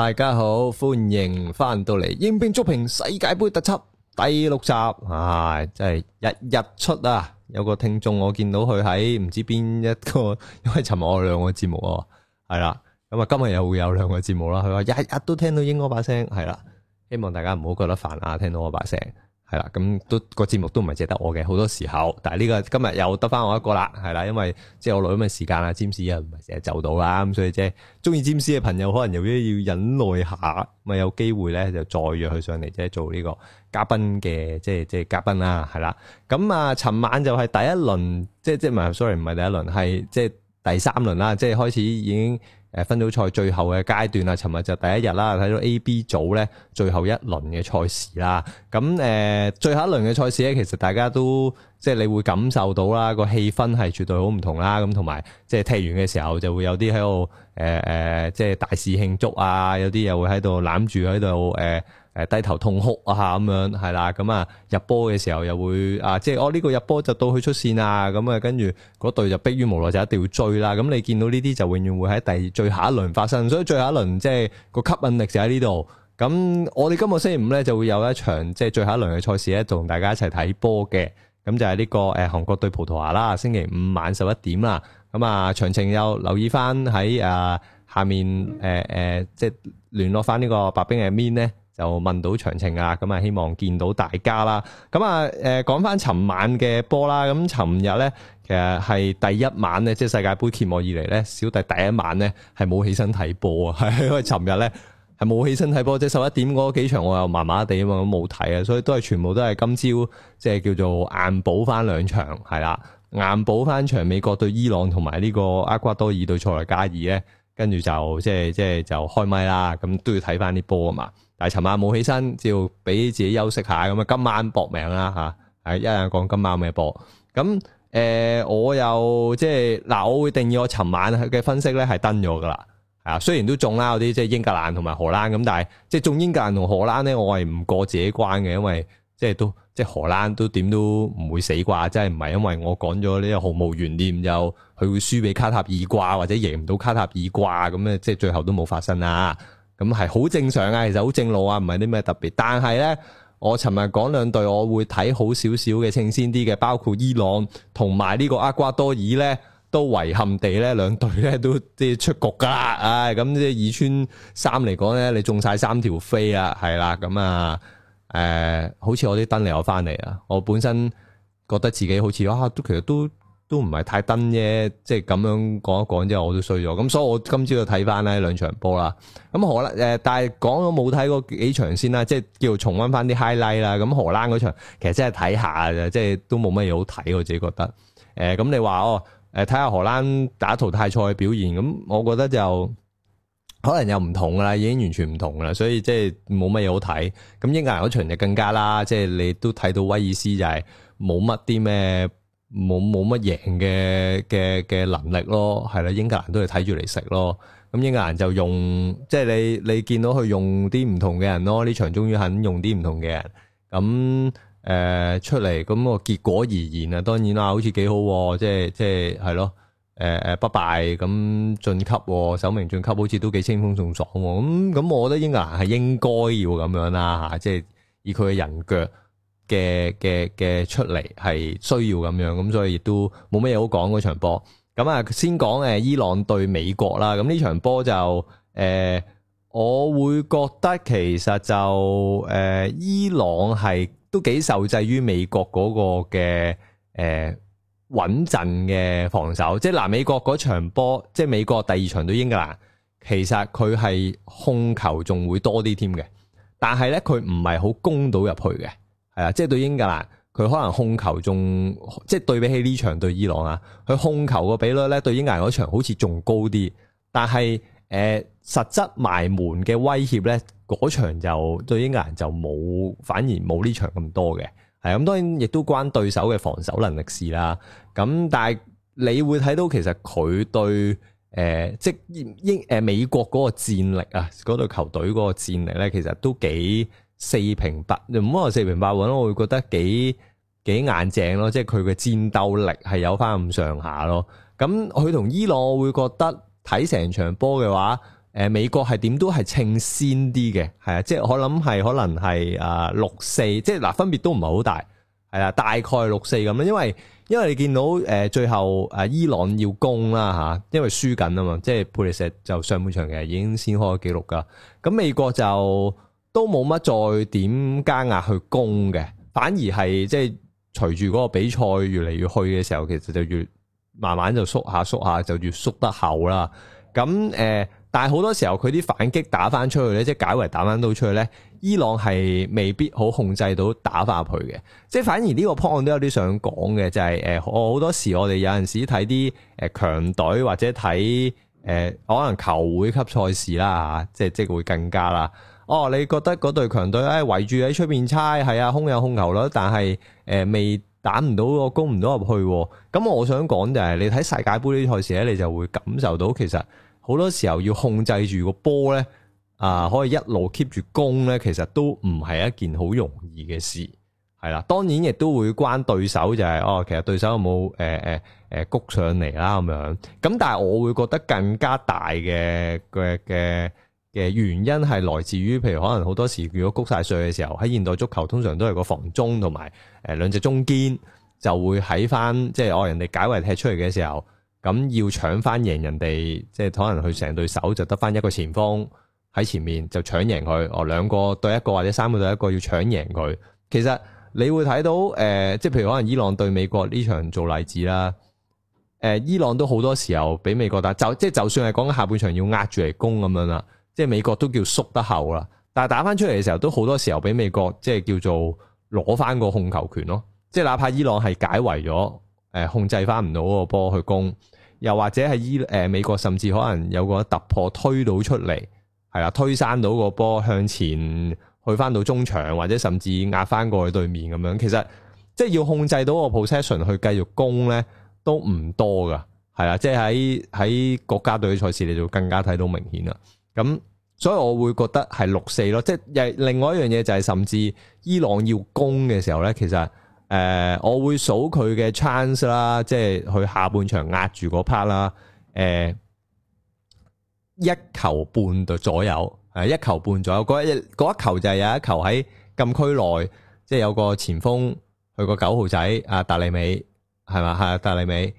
大家好，歡迎翻到嚟《鷹兵足評世界杯特輯》第六集，唉、啊，真係日日出啊！有個聽眾我見到佢喺唔知邊一個，因為尋日我兩個節目哦，係啦，咁啊今日又會有兩個節目啦。佢話日日都聽到鷹哥把聲，係啦，希望大家唔好覺得煩啊，聽到我把聲。係啦，咁都個節目都唔係值得我嘅，好多時候。但係呢個今日又得翻我一個啦，係啦，因為即係我攞咁嘅時間啦，占士又唔係成日就到啦，咁所以即係。中意占士嘅朋友可能由於要忍耐下，咪有機會咧就再約佢上嚟即係，做呢個嘉賓嘅，即係即係嘉賓啦，係啦。咁啊，尋晚就係第一輪，即係即係唔係 sorry，唔係第一輪，係即，即，即係第三輪啦，即係開始已經。誒，分組賽最後嘅階段啦，尋日就第一日啦，睇到 A、B 組咧最後一輪嘅賽事啦。咁誒、呃，最後一輪嘅賽事咧，其實大家都即係你會感受到啦，個氣氛係絕對好唔同啦。咁同埋即係踢完嘅時候，就會有啲喺度誒誒，即係大肆慶祝啊，有啲又會喺度攬住喺度誒。誒低頭痛哭啊咁樣，係啦，咁啊入波嘅時候又會啊，即係哦呢、這個入波就到佢出線啊，咁啊跟住嗰隊就逼於無奈就一定要追啦。咁你見到呢啲就永遠會喺第最後一輪發生，所以最後一輪即係個吸引力就喺呢度。咁我哋今日星期五咧就會有一場即係最後一輪嘅賽事咧，同大家一齊睇波嘅。咁就係呢、這個誒韓國對葡萄牙啦，星期五晚十一點啦。咁啊，詳情又留意翻喺、啊、下面誒誒、啊啊，即係聯絡翻呢個白兵嘅面咧。又問到詳情啊，咁啊希望見到大家啦。咁啊誒講翻尋晚嘅波啦，咁尋日咧其實係第一晚咧，即係世界盃揭幕以嚟咧，小弟第一晚咧係冇起身睇波啊，係因為尋日咧係冇起身睇波，即係十一點嗰幾場我又麻麻地啊嘛，咁冇睇啊，所以都係全部都係今朝即係叫做硬補翻兩場係啦，硬補翻場美國對伊朗同埋呢個厄瓜多爾對塞內加爾咧，跟住就即係即係就開咪啦，咁都要睇翻啲波啊嘛～但係尋晚冇起身，就俾自己休息下咁啊！今晚搏命啦嚇，一人講今晚咩搏？咁誒、呃，我又即係嗱，我會定義我尋晚嘅分析咧，係登咗噶啦，啊！雖然都中啦，嗰啲即係英格蘭同埋荷蘭咁，但係即係中英格蘭同荷蘭咧，我係唔過自己的關嘅，因為即係都即係荷蘭都點都唔會死啩，即係唔係因為我講咗呢個毫無懸念又佢會輸俾卡塔爾啩，或者贏唔到卡塔爾啩咁咧，即係最後都冇發生啊！咁係好正常啊，其實好正路啊，唔係啲咩特別。但係咧，我尋日講兩隊我會睇好少少嘅清新啲嘅，包括伊朗同埋呢個厄瓜多爾咧，都遺憾地咧兩隊咧都即係出局噶啦。唉、哎，咁即係二穿三嚟講咧，你中晒三條飛啊，係啦咁啊，誒，好似我啲燈嚟我翻嚟啊，我本身覺得自己好似哇、啊，都其實都。都唔係太登啫，即係咁樣講一講之後我都衰咗。咁所以我今朝就睇翻呢兩場波啦。咁荷蘭誒、呃，但係講咗冇睇過幾場先啦，即係叫重温翻啲 highlight 啦。咁荷蘭嗰場其實真係睇下即係、就是、都冇乜嘢好睇，我自己覺得。誒、呃、咁你話哦，睇、呃、下荷蘭打淘汰賽嘅表現，咁我覺得就可能又唔同噶啦，已經完全唔同噶啦，所以即係冇乜嘢好睇。咁英格蘭嗰場就更加啦，即、就、係、是、你都睇到威爾斯就係冇乜啲咩。冇冇乜贏嘅嘅嘅能力咯，係啦，英格蘭都係睇住嚟食咯。咁英格蘭就用，即係你你見到佢用啲唔同嘅人咯，呢場終於肯用啲唔同嘅人。咁、嗯、誒、呃、出嚟，咁個結果而言啊，當然啦，好似幾好喎，即係即係係、呃嗯、咯，誒誒不敗咁晉級，首名晉級好似都幾清風送爽喎。咁、嗯、咁、嗯，我覺得英格蘭係應該要咁樣啦嚇，即係以佢嘅人腳。嘅嘅嘅出嚟係需要咁樣咁，所以亦都冇咩嘢好講嗰場波咁啊。先講誒，伊朗對美國啦。咁呢場波就誒、呃，我會覺得其實就誒、呃，伊朗係都幾受制於美國嗰個嘅誒穩陣嘅防守。即係嗱，美國嗰場波，即、就、係、是、美國第二場對英格蘭。其實佢係控球仲會多啲添嘅，但係咧佢唔係好攻到入去嘅。啊，即係對英格蘭，佢可能控球仲，即係對比起呢場對伊朗啊，佢控球個比率咧、呃，對英格蘭嗰場好似仲高啲。但係誒，實質埋門嘅威脅咧，嗰場就對英格蘭就冇，反而冇呢場咁多嘅。係咁，當然亦都關對手嘅防守能力事啦。咁但係你會睇到，其實佢對誒、呃，即係英誒、呃、美國嗰個戰力啊，嗰隊球隊嗰個戰力咧，其實都幾。四平八唔好話四平八穩咯，我會覺得幾幾硬正咯，即係佢嘅戰鬥力係有翻咁上下咯。咁佢同伊朗，我會覺得睇成場波嘅話，誒，美國係點都係稱鮮啲嘅，係啊，即係我諗係可能係啊六四，即係嗱分別都唔係好大，係啦，大概六四咁樣，因為因為你見到誒最後誒伊朗要攻啦吓，因為輸緊啊嘛，即係普利錫就上半場其實已經先開紀錄噶，咁美國就。都冇乜再點加壓去攻嘅，反而係即係隨住嗰個比賽越嚟越去嘅時候，其實就越慢慢就縮下縮下就越縮得厚啦。咁誒，但係好多時候佢啲反擊打翻出去咧，即係解圍打翻都出去咧，伊朗係未必好控制到打翻佢去嘅。即係反而呢個 point 都有啲想講嘅，就係誒，我好多時我哋有陣時睇啲誒強隊或者睇誒可能球會級賽事啦吓，即係即係會更加啦。哦，你覺得嗰隊強隊咧圍住喺出面猜，係啊空有控球啦，但係、呃、未打唔到個攻唔到入去、啊。咁我想講就係、是、你睇世界盃呢啲賽事咧，你就會感受到其實好多時候要控制住個波咧啊，可以一路 keep 住攻咧，其實都唔係一件好容易嘅事，係啦、啊。當然亦都會關對手就係、是、哦，其實對手有冇誒誒誒谷上嚟啦咁樣。咁但係我會覺得更加大嘅嘅嘅嘅原因係來自於，譬如可能好多時，如果谷晒碎嘅時候，喺現代足球通常都係個防中同埋誒兩隻中堅就會喺翻，即係哦人哋解圍踢出嚟嘅時候，咁要搶翻贏人哋，即係可能佢成對手就得翻一個前鋒，喺前面就搶贏佢，哦兩個對一個或者三個對一個要搶贏佢。其實你會睇到誒，即係譬如可能伊朗對美國呢場做例子啦，誒伊朗都好多時候俾美國打，就即係就算係講緊下半場要壓住嚟攻咁樣啦。即係美國都叫縮得後啦，但係打翻出嚟嘅時候，都好多時候俾美國即係叫做攞翻個控球權咯。即係哪怕伊朗係解圍咗，誒控制翻唔到個波去攻，又或者係伊誒美國甚至可能有個突破推到出嚟，係啦，推翻到個波向前去翻到中場，或者甚至壓翻過去對面咁樣。其實即係要控制到個 position 去繼續攻咧，都唔多噶。係啦，即係喺喺國家隊賽事你就更加睇到明顯啦。咁所以我會覺得係六四咯，即係另外一樣嘢就係，甚至伊朗要攻嘅時候咧，其實誒、呃，我會數佢嘅 chance 啦，即係佢下半場壓住嗰 part 啦，誒，一球半度左右，誒，一球半左右，嗰一球一，一球就係有一球喺禁區內，即係有個前鋒，佢個九號仔啊達利美係嘛，係達利美，誒、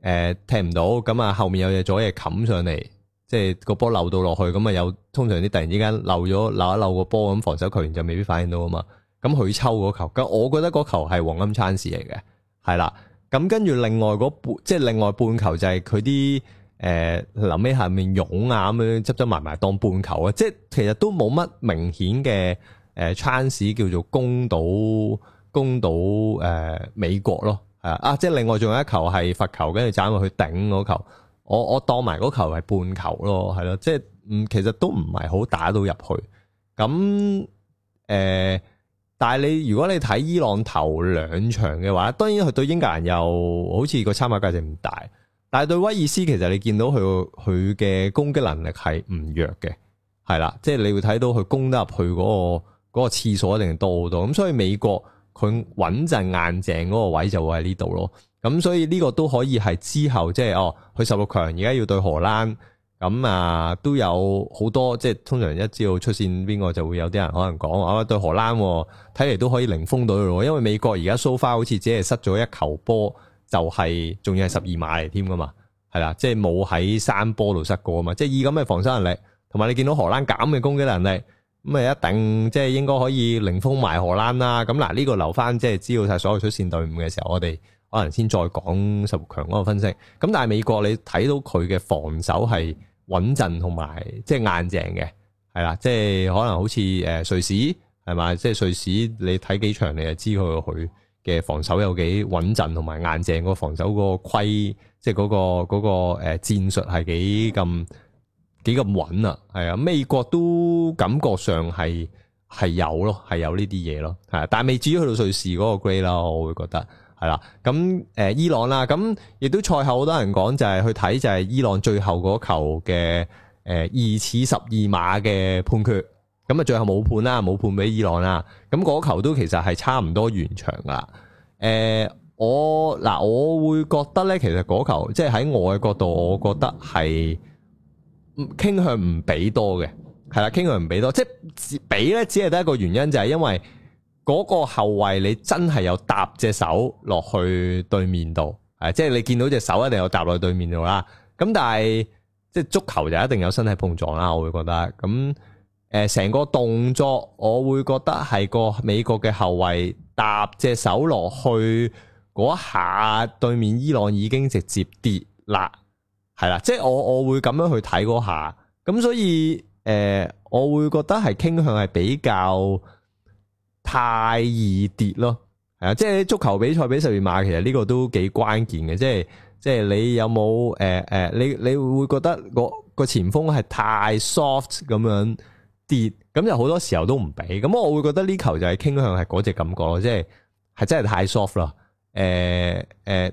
呃、踢唔到，咁啊後面有嘢左嘢冚上嚟。即係個波漏到落去，咁啊有通常啲突然之間漏咗漏一漏個波，咁防守球員就未必反應到啊嘛。咁佢抽嗰球，咁我覺得嗰球係黃金餐士嚟嘅，係啦。咁跟住另外嗰半，即係另外半球就係佢啲誒臨屘下面涌啊咁樣執執埋埋當半球啊。即係其實都冇乜明顯嘅誒餐 h 叫做攻到攻到誒、呃、美國咯，係啊。啊即係另外仲有一球係罰球，跟住斬落去頂嗰球。我我當埋嗰球係半球咯，係咯，即係其實都唔係好打到入去。咁誒、呃，但係你如果你睇伊朗頭兩場嘅話，當然佢對英格蘭又好似個參考價值唔大，但係對威爾斯其實你見到佢佢嘅攻擊能力係唔弱嘅，係啦，即係你會睇到佢攻得入去嗰個嗰個次數一定多好多。咁所以美國。佢穩陣硬淨嗰個位就會喺呢度咯，咁所以呢個都可以係之後即係哦，佢十六強而家要對荷蘭，咁啊都有好多即係通常一知道出線邊個就會有啲人可能講啊，對荷蘭睇嚟都可以零封到咯，因為美國而家 so far 好似只係失咗一球波，就係仲要係十二碼嚟添噶嘛，係啦，即係冇喺三波度失過啊嘛，即係以咁嘅防守能力，同埋你見到荷蘭減嘅攻擊能力。咁啊，一定即係、就是、應該可以零封埋荷蘭啦。咁嗱，呢個留翻即係知道晒所有出線隊伍嘅時候，我哋可能先再講十六強嗰個分析。咁但係美國，你睇到佢嘅防守係穩陣同埋即係硬淨嘅，係啦，即、就、係、是、可能好似誒瑞士係嘛，即係、就是、瑞士你睇幾場，你就知佢佢嘅防守有幾穩陣同埋硬淨。嗰防守嗰個規，即係嗰個嗰、嗰個誒戰術係幾咁。幾咁穩啊，係啊，美國都感覺上係係有咯，係有呢啲嘢咯，係，但係未至於去到瑞士嗰個 grade 啦，我會覺得係啦。咁誒，伊朗啦，咁亦都賽後好多人講就係去睇就係伊朗最後嗰球嘅誒二次十二碼嘅判決，咁啊最後冇判啦，冇判俾伊朗啦，咁嗰球都其實係差唔多完場噶。誒，我嗱我會覺得咧，其實嗰球即係喺我嘅角度，我覺得係。傾向唔俾多嘅，係啦，傾向唔俾多，即係俾咧，只係得一個原因就係、是、因為嗰個後衞你真係有搭隻手落去對面度，即係你見到隻手一定有搭落去對面度啦。咁但係即係足球就一定有身體碰撞啦，我會覺得咁、呃、成個動作我會覺得係個美國嘅後衛搭隻手落去嗰下，對面伊朗已經直接跌啦。係啦，即係我我會咁樣去睇嗰下，咁所以誒、呃、我會覺得係傾向係比較太易跌咯，係啊，即係足球比賽比十二碼，其實呢個都幾關鍵嘅，即係即係你有冇誒誒，你你會覺得個個前鋒係太 soft 咁樣跌，咁就好多時候都唔俾，咁我會覺得呢球就係傾向係嗰隻感覺，即係係真係太 soft 啦。誒誒，亦、呃呃、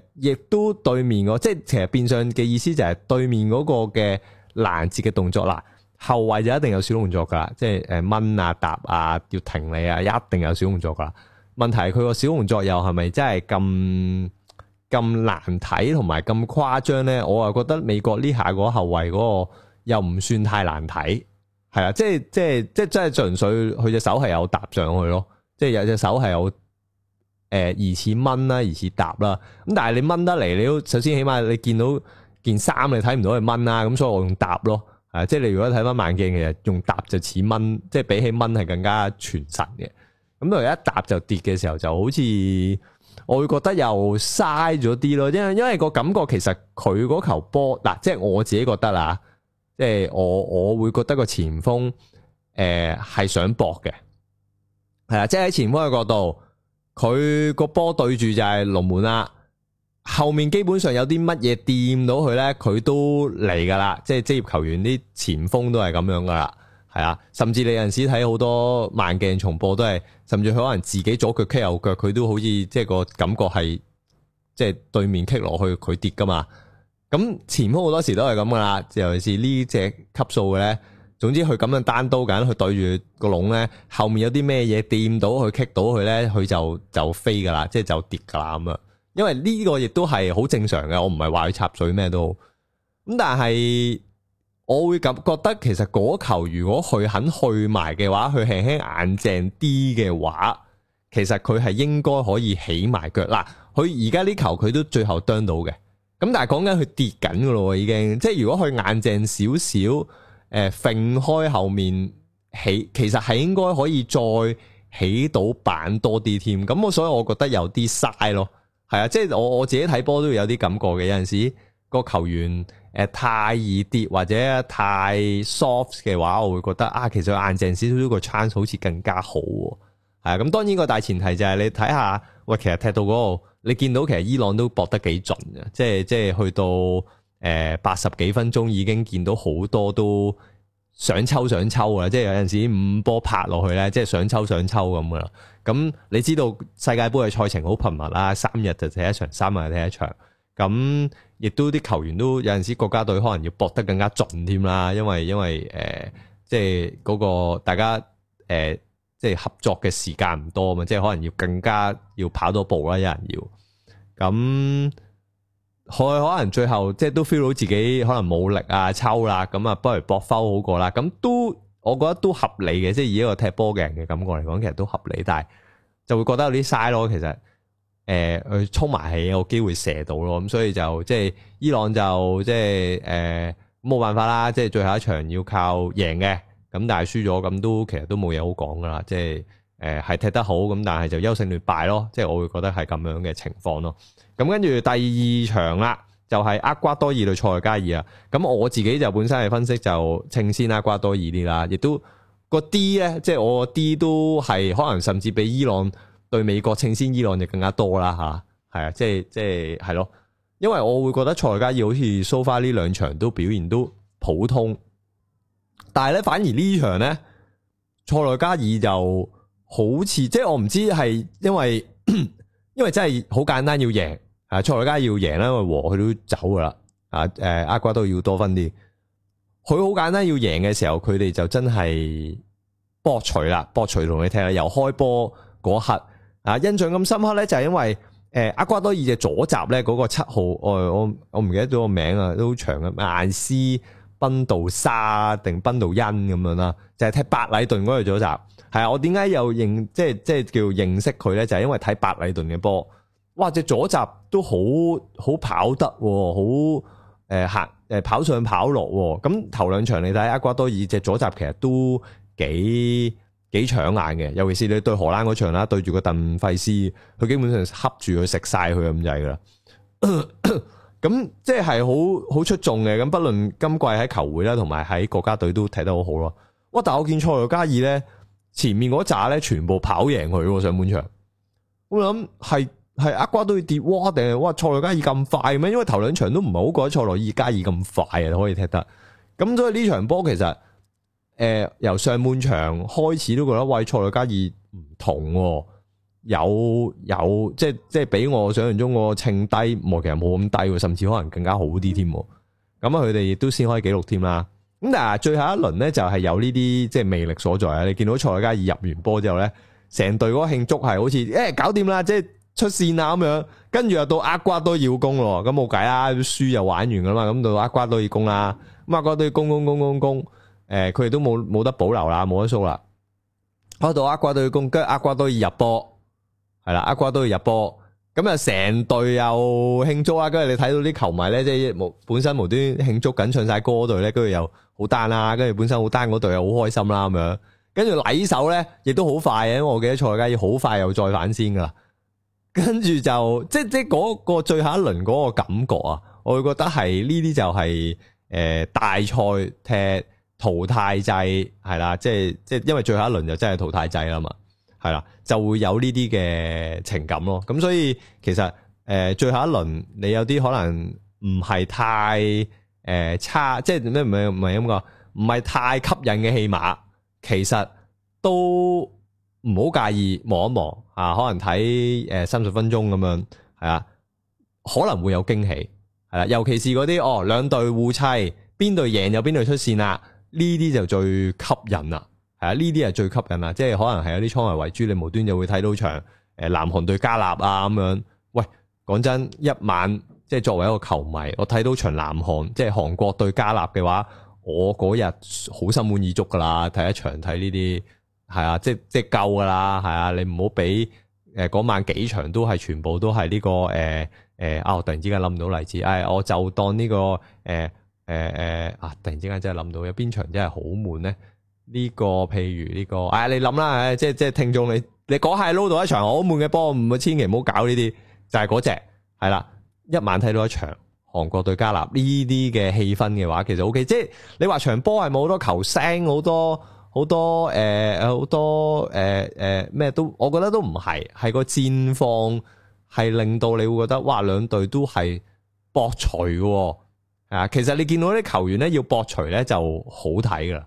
都對面嗰，即係其實變相嘅意思就係對面嗰個嘅攔截嘅動作啦。後衞就一定有小動作噶啦，即係誒掹啊、搭啊、要停你啊，一定有小動作噶啦。問題係佢個小動作又係咪真係咁咁難睇同埋咁誇張咧？我又覺得美國呢下個後衞嗰個又唔算太難睇，係啊，即係即係即係即係純粹佢隻手係有搭上去咯，即係有隻手係有。誒，疑似掹啦，疑似搭啦。咁但係你掹得嚟，你都首先起碼你見到件衫，你睇唔到佢掹啦。咁所以我用搭咯，啊，即係你如果睇翻慢鏡，其實用搭就似掹，即係比起掹係更加全神嘅。咁到一搭就跌嘅時候，就好似我會覺得又嘥咗啲咯。因為因為個感覺其實佢嗰球波，嗱，即係我自己覺得啦，即係我我會覺得個前鋒誒係想搏嘅，係啊，即係喺前鋒嘅角度。佢個波對住就係龍門啦，後面基本上有啲乜嘢掂到佢呢，佢都嚟噶啦，即係職業球員啲前鋒都係咁樣噶啦，係啊，甚至你有陣時睇好多慢鏡重播都係，甚至佢可能自己左腳踢右腳，佢都好似即係個感覺係，即係對面踢落去佢跌噶嘛，咁前鋒好多時都係咁噶啦，尤其是呢隻級數嘅呢。總之佢咁樣單刀緊，佢對住個籠呢，後面有啲咩嘢掂到佢棘到佢呢，佢就就飛噶啦，即係就跌噶啦咁啊！因為呢個亦都係好正常嘅，我唔係話佢插水咩都好。咁但係我會感覺得其實嗰球如果佢肯去埋嘅話，佢輕輕硬淨啲嘅話，其實佢係應該可以起埋腳。嗱，佢而家呢球佢都最後啄到嘅，咁但係講緊佢跌緊噶咯，已經即係如果佢硬淨少少。誒，揈開後面起，其實係應該可以再起到板多啲添。咁我所以我覺得有啲嘥咯，係啊，即係我我自己睇波都會有啲感覺嘅。有陣時個球員誒太易跌或者太 soft 嘅話，我會覺得啊，其實硬淨少少個 chance 好似更加好。係啊，咁當然個大前提就係你睇下，喂，其實踢到嗰度，你見到其實伊朗都搏得幾準啊，即係即係去到。誒八十幾分鐘已經見到好多都想抽想抽啦，即係有陣時五波拍落去咧，即係想抽想抽咁噶啦。咁你知道世界盃嘅賽程好頻密啦，三日就睇一場，三日就睇一場。咁亦都啲球員都有陣時國家隊可能要搏得更加盡添啦，因為因為誒即係嗰個大家誒即係合作嘅時間唔多啊嘛，即係可能要更加要跑多步啦，有人要咁。佢可能最後即係都 feel 到自己可能冇力啊，抽啦，咁啊不如搏 foul 好過啦，咁都我覺得都合理嘅，即係以一個踢波嘅人嘅感覺嚟講，其實都合理，但係就會覺得有啲嘥咯，其實誒，去沖埋氣有機會射到咯，咁所以就即係伊朗就即係誒冇辦法啦，即係最後一場要靠贏嘅，咁但係輸咗咁都其實都冇嘢好講噶啦，即係。誒，係、呃、踢得好咁，但係就優勝劣敗咯，即係我會覺得係咁樣嘅情況咯。咁跟住第二場啦，就係、是、厄瓜多爾對塞內加爾啊。咁我自己就本身係分析就稱先厄瓜多爾啲啦，亦都個 D 咧，即係我 D 都係可能甚至比伊朗對美國稱先伊朗就更加多啦吓，係啊，即係即係係咯。因為我會覺得塞內加爾好似 so far 呢兩場都表現都普通，但係咧反而呢場咧塞內加爾就。好似即係我唔知係因為 因為真係好簡單要贏啊，賽果加要贏啦，因為和佢都走噶啦啊，誒阿瓜都要多分啲，佢好簡單要贏嘅時候，佢哋就真係博取啦，博取同你聽啊，由開波嗰刻啊，印象咁深刻咧，就係因為誒阿瓜多爾隻左閘咧，嗰個七號，我我我唔記得咗個名啊，都好長嘅艾斯。奔到沙定奔到因咁樣啦，就係、是、踢伯里頓嗰個左閘，係啊，我點解又認即係即係叫認識佢咧？就係、是、因為睇伯里頓嘅波，哇，隻左閘都好好跑得，好誒行誒跑上跑落，咁頭兩場你睇厄瓜多爾隻左閘其實都幾幾搶眼嘅，尤其是你對荷蘭嗰場啦，對住個鄧費斯，佢基本上恰住佢食晒佢咁就係噶啦。咳咳咁即係好好出眾嘅，咁不論今季喺球會啦，同埋喺國家隊都踢得好好咯。哇！但係我見塞內加爾咧前面嗰紮咧全部跑贏佢上半場，我諗係係阿瓜都要跌喎，定係哇塞內加爾咁快咩？因為頭兩場都唔係好覺得塞內加爾咁快啊，可以踢得。咁所以呢場波其實誒、呃、由上半場開始都覺得喂，塞內加爾唔同喎、哦。有有即係即係比我想象中個稱低，冇其實冇咁低甚至可能更加好啲添。咁啊，佢哋亦都先開紀錄添啦。咁但係，最後一輪咧就係有呢啲即係魅力所在啊！你見到塞內加爾入完波之後咧，成隊嗰個慶祝係好似、欸、搞掂啦，即係出線啦咁樣。跟住又到厄瓜多爾要攻咯，咁冇計啦，輸又玩完噶啦嘛，咁到厄瓜多爾要攻啦。咁厄瓜多爾要，要攻攻攻攻攻、攻，誒佢哋都冇冇得保留啦，冇得輸啦。開到厄瓜多爾要攻，跟住厄瓜多爾要，要入波。係啦，阿瓜都要入波，咁啊成隊又慶祝啊！跟住你睇到啲球迷咧，即係無本身無端慶祝緊，唱晒歌隊咧，跟住又好單啦，跟住本身好單嗰隊又好開心啦咁樣，跟住禮手咧亦都好快，因為我記得塞加爾好快又再反先噶啦，跟住就即即嗰個最後一輪嗰個感覺啊，我會覺得係呢啲就係、是、誒、呃、大賽踢淘汰制係啦，即係即係因為最後一輪就真係淘汰制啦嘛。係啦，就會有呢啲嘅情感咯。咁所以其實誒，最後一輪你有啲可能唔係太誒、呃、差，即係唔係唔係咁講，唔係太吸引嘅戲碼，其實都唔好介意望一望啊，可能睇誒三十分鐘咁樣，係啊，可能會有驚喜，係啦。尤其是嗰啲哦，兩隊互砌，邊隊贏就邊隊出線啦，呢啲就最吸引啦。係啊，呢啲係最吸引啦，即係可能係有啲倉為為主，你無端就會睇到場誒南韓對加納啊咁樣。喂，講真，一晚即係、就是、作為一個球迷，我睇到場南韓即係韓國對加納嘅話，我嗰日好心滿意足噶啦，睇一場睇呢啲係啊，即即夠噶啦，係、就是、啊，你唔好俾誒嗰晚幾場都係全部都係呢、這個誒誒啊！呃呃、我突然之間諗唔到例子，哎，我就當呢、這個誒誒誒啊！突然之間真係諗到，有邊場真係好悶咧。呢個譬如呢個，哎，你諗啦，哎，即係即係聽眾你，你下撈到一場好悶嘅波，唔好千祈唔好搞呢啲，就係嗰隻係啦，一晚睇到一場韓國對加納呢啲嘅氣氛嘅話，其實 O K，即係你話場波係冇好多球星好多好多誒，好多誒誒咩都，我覺得都唔係，係個戰況係令到你會覺得哇，兩隊都係搏除喎，啊，其實你見到啲球員咧要搏除咧就好睇噶。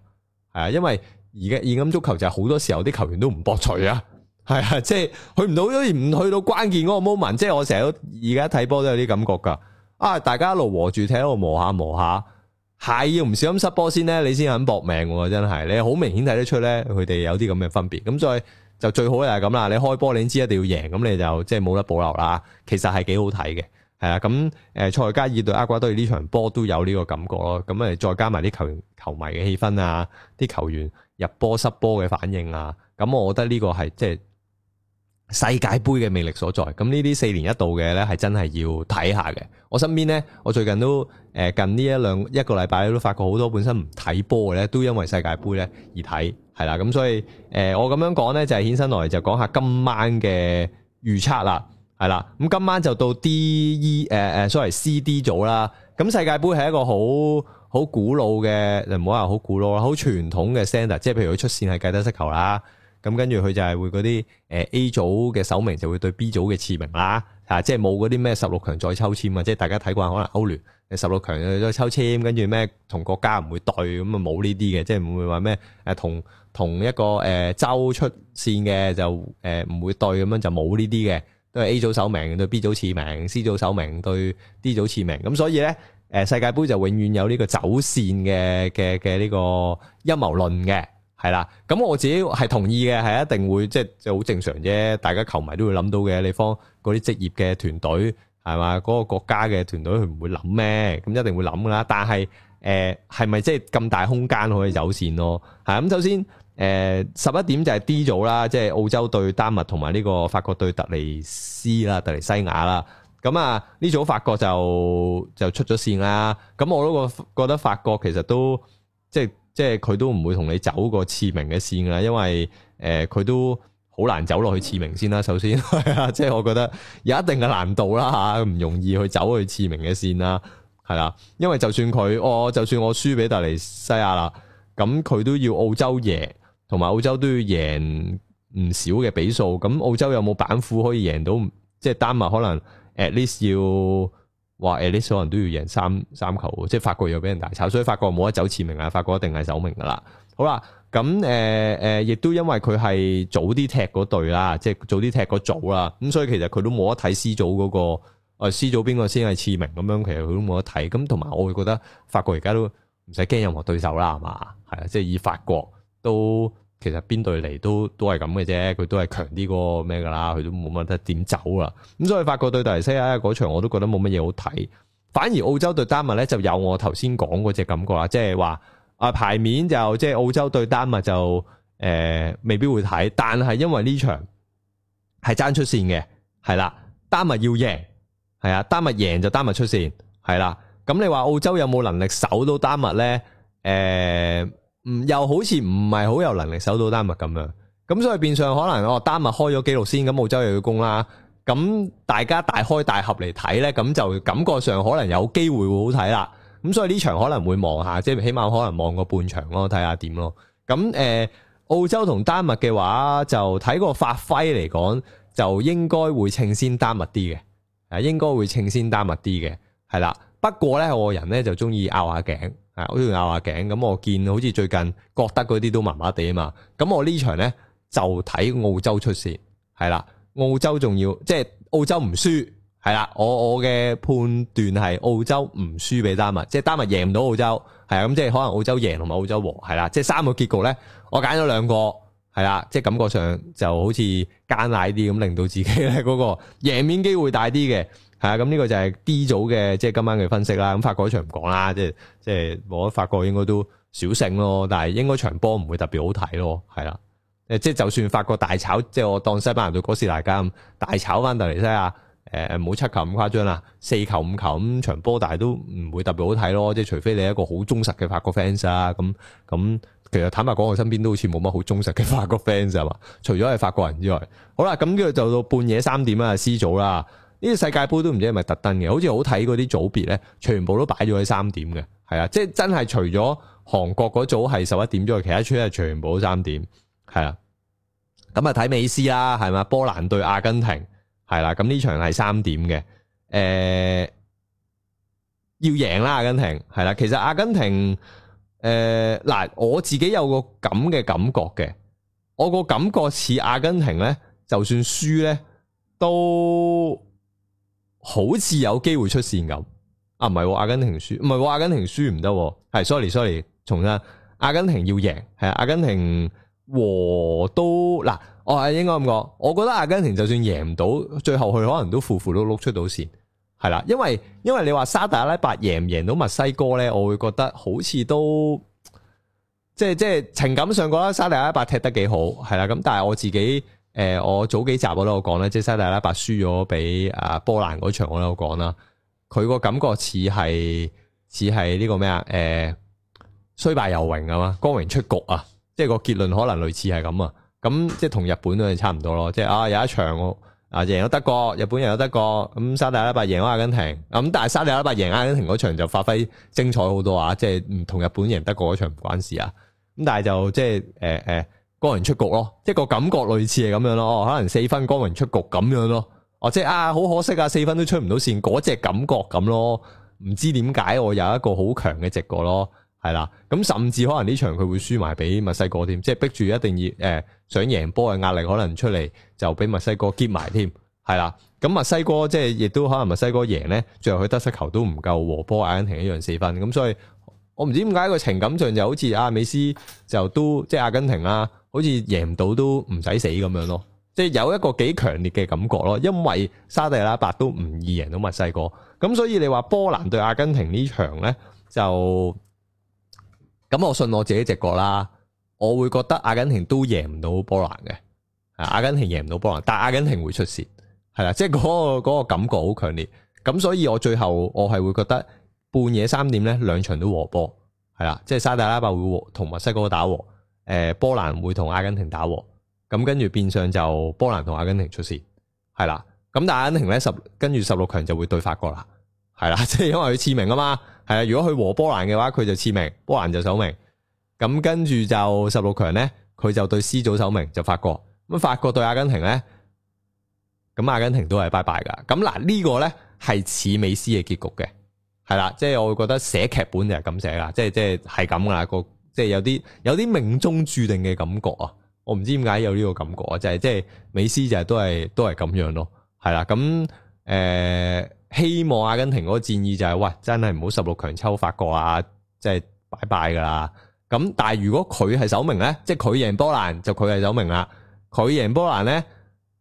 誒，因為而家現今足球就係好多時候啲球員都唔搏取啊，係啊，即係去唔到都唔去到關鍵嗰個 moment，即係我成日都而家睇波都有啲感覺噶，啊，大家一路和住睇，一路磨一下磨下，係要唔小心失波先咧，你先肯搏命喎，真係，你好明顯睇得出咧，佢哋有啲咁嘅分別，咁所以就最好就係咁啦，你開波你知一定要贏，咁你就即係冇得保留啦，其實係幾好睇嘅。係啊，咁誒，塞加爾對厄瓜多爾呢場波都有呢個感覺咯。咁誒，再加埋啲球球迷嘅氣氛啊，啲球員入波失波嘅反應啊，咁我覺得呢個係即係世界盃嘅魅力所在。咁呢啲四年一度嘅咧，係真係要睇下嘅。我身邊咧，我最近都誒近呢一兩一個禮拜都發覺好多本身唔睇波嘅咧，都因為世界盃咧而睇。係啦，咁所以誒、呃，我咁樣講咧，就係、是、衍生落嚟就講下今晚嘅預測啦。係啦，咁今晚就到 D E 誒、呃、誒所謂 C D 組啦。咁世界盃係一個好好古老嘅，唔好話好古老啦，好傳統嘅 standard 即係譬如佢出線係計得失球啦，咁跟住佢就係會嗰啲 A 組嘅首名就會對 B 組嘅次名啦，即係冇嗰啲咩十六強再抽籤啊，即係大家睇慣可能歐聯十六強再抽籤，跟住咩同國家唔會對咁啊冇呢啲嘅，即係唔會話咩同同一個誒洲出線嘅就唔會對，咁樣就冇呢啲嘅。都係 A 組首名對 B 組次名，C 組首名對 D 組次名，咁所以咧，誒世界盃就永遠有呢個走線嘅嘅嘅呢個陰謀論嘅，係啦。咁我自己係同意嘅，係一定會即係就好正常啫。大家球迷都會諗到嘅，你方嗰啲職業嘅團隊係嘛，嗰個國家嘅團隊佢唔會諗咩，咁一定會諗噶啦。但係誒係咪即係咁大空間可以走線咯？係咁首先。誒十一點就係 D 組啦，即係澳洲對丹麥同埋呢個法國對突尼斯啦、突尼西亞啦。咁啊，呢組法國就就出咗線啦。咁我都覺覺得法國其實都即係即係佢都唔會同你走過次名嘅線啦，因為誒佢、呃、都好難走落去次名先啦。首先係啊，即 係我覺得有一定嘅難度啦嚇，唔容易去走去次名嘅線啦，係啦。因為就算佢，我、哦、就算我輸俾突尼西亞啦，咁佢都要澳洲贏。同埋澳洲都要贏唔少嘅比數，咁澳洲有冇板斧可以贏到？即係丹麥可能 at least 要話 at least 可能都要贏三三球，即係法國又俾人大炒。所以法國冇得走次名啊！法國一定係首名噶啦。好啦，咁誒亦都因為佢係早啲踢嗰隊啦，即係早啲踢嗰組啦，咁所以其實佢都冇得睇 C 組嗰個誒 C 組邊個先係次名咁樣，其實佢都冇得睇。咁同埋我會覺得法國而家都唔使驚任何對手啦，係嘛？係啊，即係以法國。都其實邊隊嚟，都都係咁嘅啫，佢都係強啲個咩噶啦，佢都冇乜得點走啦。咁所以法國對突尼西亞嗰場我都覺得冇乜嘢好睇，反而澳洲對丹麥咧，就有我頭先講嗰隻感覺啦，即係話啊，牌面就即係、就是、澳洲對丹麥就誒、呃、未必會睇，但係因為呢場係爭出線嘅係啦，丹麥要贏，係啊，丹麥贏就丹麥出線係啦。咁你話澳洲有冇能力守到丹麥咧？誒、呃。唔又好似唔係好有能力守到丹麥咁樣，咁所以變相可能我丹麥開咗紀錄先，咁澳洲又要攻啦，咁大家大開大合嚟睇呢，咁就感覺上可能有機會會好睇啦，咁所以呢場可能會望下，即係起碼可能望個半場咯，睇下點咯，咁誒澳洲同丹麥嘅話，就睇個發揮嚟講，就應該會勝先丹麥啲嘅，啊應該會勝先丹麥啲嘅，係啦，不過呢，我個人呢，就中意拗下頸。好似拗下頸咁，我見好似最近覺得嗰啲都麻麻地啊嘛，咁我呢場呢，就睇澳洲出線，係啦，澳洲仲要即係澳洲唔輸，係啦，我我嘅判斷係澳洲唔輸俾丹麥，即係丹麥贏唔到澳洲，係啊，咁即係可能澳洲贏同埋澳洲和，係啦，即係三個結局呢，我揀咗兩個，係啦，即係感覺上就好似艱難啲咁，令到自己咧嗰個贏面機會大啲嘅。係啊，咁呢個就係 D 組嘅，即係今晚嘅分析啦。咁法國場唔講啦，即係即係我諗法國應該都小勝咯，但係應該場波唔會特別好睇咯，係啦。誒，即係就算法國大炒，即係我當西班牙對哥斯達黎加咁大炒翻突尼西亞，誒、呃，唔好七球咁誇張啦，四球五球咁場波，但係都唔會特別好睇咯。即係除非你係一個好忠實嘅法國 fans 啊，咁咁其實坦白講，我身邊都好似冇乜好忠實嘅法國 fans 係嘛，除咗係法國人之外。好啦，咁跟住就到半夜三點啊，C 組啦。呢個世界盃都唔知係咪特登嘅，好似好睇嗰啲組別呢，全部都擺咗喺三點嘅，係啊，即係真係除咗韓國嗰組係十一點之外，其他出係全部都三點，係啊。咁啊睇美斯啦，係咪？波蘭對阿根廷，係啦。咁呢場係三點嘅，誒要贏啦阿根廷，係啦。其實阿根廷誒嗱，我自己有個咁嘅感覺嘅，我個感覺似阿根廷呢，就算輸呢，都好似有機會出線咁啊！唔係、啊、阿根廷輸，唔係、啊、阿根廷輸唔得、啊。係 sorry sorry，重新阿根廷要贏係啊！阿根廷和都嗱、啊，我係應該咁講。我覺得阿根廷就算贏唔到，最後佢可能都符符碌碌出到線係啦、啊。因為因為你話沙特阿拉伯贏唔贏到墨西哥呢，我會覺得好似都即係即係情感上覺得沙特阿拉伯踢得幾好係啦。咁、啊、但係我自己。誒、呃，我早幾集我都講啦，即係沙特阿拉伯輸咗俾啊波蘭嗰場，我都講啦。佢個感覺似係似係呢個咩啊？誒、呃，雖敗猶榮啊嘛，光榮出局啊！即係個結論可能類似係咁啊。咁即係同日本都係差唔多咯。即係啊，有一場啊贏咗德國，日本贏咗德國，咁沙特阿拉伯贏咗阿根廷。咁但係沙特阿拉伯贏阿根廷嗰場就發揮精彩好多啊！即係唔同日本贏德國嗰場唔關事啊。咁但係就即係誒誒。呃呃光榮出局咯，即係個感覺類似係咁樣咯，可能四分光榮出局咁樣咯，哦，即係啊好可惜啊，四分都出唔到線，嗰隻感覺咁咯，唔知點解我有一個好強嘅直覺咯，係啦，咁甚至可能呢場佢會輸埋俾墨西哥添，即係逼住一定要誒、呃、想贏波嘅壓力可能出嚟，就俾墨西哥攰埋添，係啦，咁墨西哥即係亦都可能墨西哥贏呢，最後佢得失球都唔夠和波阿根廷一樣四分，咁所以。我唔知點解個情感上就好似阿美斯就都即係、就是、阿根廷啊，好似贏唔到都唔使死咁樣咯，即、就、係、是、有一個幾強烈嘅感覺咯，因為沙特阿拉伯都唔易贏到墨西哥，咁所以你話波蘭對阿根廷呢場呢，就咁，我信我自己直覺啦，我會覺得阿根廷都贏唔到波蘭嘅，啊，阿根廷贏唔到波蘭，但阿根廷會出線，係啦，即係嗰個嗰、那個感覺好強烈，咁所以我最後我係會覺得。半夜三點咧，兩場都和波，係啦，即係沙地阿拉伯會和同墨西哥打和，波蘭會同阿根廷打和，咁跟住變相就波蘭同阿根廷出線，係啦，咁但阿根廷呢，十跟住十六強就會對法國啦，係啦，即係因為佢次名啊嘛，係啊，如果佢和波蘭嘅話，佢就次名，波蘭就首名，咁跟住就十六強呢，佢就對 C 組首名就法國，咁法國對阿根廷呢，咁阿根廷都係拜拜㗎，咁嗱呢個呢，係似美斯嘅結局嘅。係啦，即係我會覺得寫劇本就係咁寫啦，即係即係係咁噶，個即係有啲有啲命中注定嘅感覺啊！我唔知點解有呢個感覺啊，就係即係美斯就係、是、都係都係咁樣咯。係啦，咁誒、呃、希望阿根廷嗰個戰意就係、是、喂，真係唔好十六強抽法國啊！即、就、係、是、拜拜噶啦。咁但係如果佢係首名呢，即係佢贏波蘭就佢係首名啦。佢贏波蘭呢，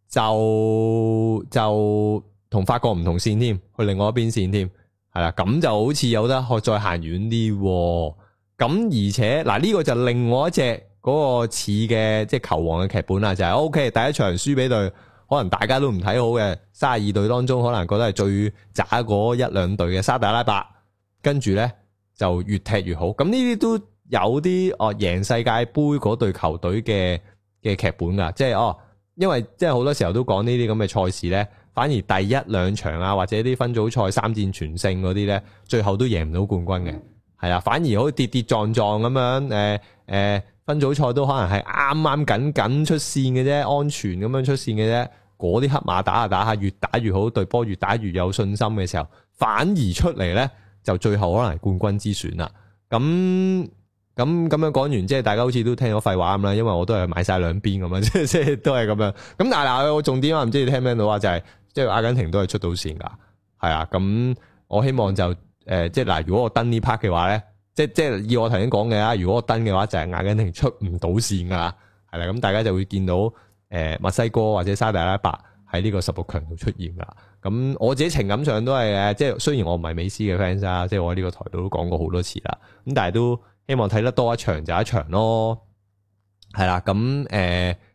就就同法國唔同線添，去另外一邊線添。係啦，咁就好似有得學再行遠啲，咁而且嗱呢個就另外一隻嗰個似嘅，即係球王嘅劇本啦，就係 O K 第一場輸俾隊，可能大家都唔睇好嘅卅二隊當中，可能覺得係最渣嗰一兩隊嘅沙特阿拉伯，跟住呢就越踢越好，咁呢啲都有啲哦贏世界盃嗰隊球隊嘅嘅劇本噶，即係哦，因為即係好多時候都講呢啲咁嘅賽事呢。反而第一兩場啊，或者啲分組賽三戰全勝嗰啲呢，最後都贏唔到冠軍嘅，係啊，反而好似跌跌撞撞咁樣，誒誒，分組賽都可能係啱啱緊緊出線嘅啫，安全咁樣出線嘅啫，嗰啲黑馬打下打下，越，越打越好，對波越打越有信心嘅時候，反而出嚟呢，就最後可能係冠軍之選啦。咁咁咁樣講完，即係大家好似都聽咗廢話咁啦，因為我都係買晒兩邊咁樣，即係都係咁樣。咁但係我重點話唔知你聽唔聽到啊，就係、是。即係阿根廷都係出到線㗎，係啊，咁我希望就誒、呃，即係嗱，如果我登呢 part 嘅話咧，即即係以我頭先講嘅啊，如果我登嘅話就係阿根廷出唔到線㗎，係啦，咁大家就會見到誒、呃、墨西哥或者沙特阿拉伯喺呢個十六強度出現㗎，咁我自己情感上都係嘅，即係雖然我唔係美斯嘅 fans 啊，即係我喺呢個台度都講過好多次啦，咁但係都希望睇得多一場就一場咯，係啦，咁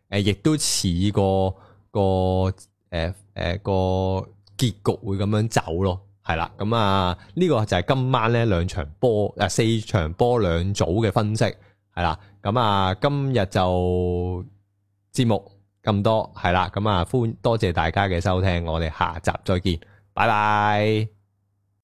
誒亦都似過個，過誒誒個結局會咁樣走咯，係啦，咁啊呢個就係今晚呢兩場波，啊四場波兩組嘅分析，係啦，咁啊今日就節目咁多，係啦，咁啊歡多謝大家嘅收聽，我哋下集再見，拜拜。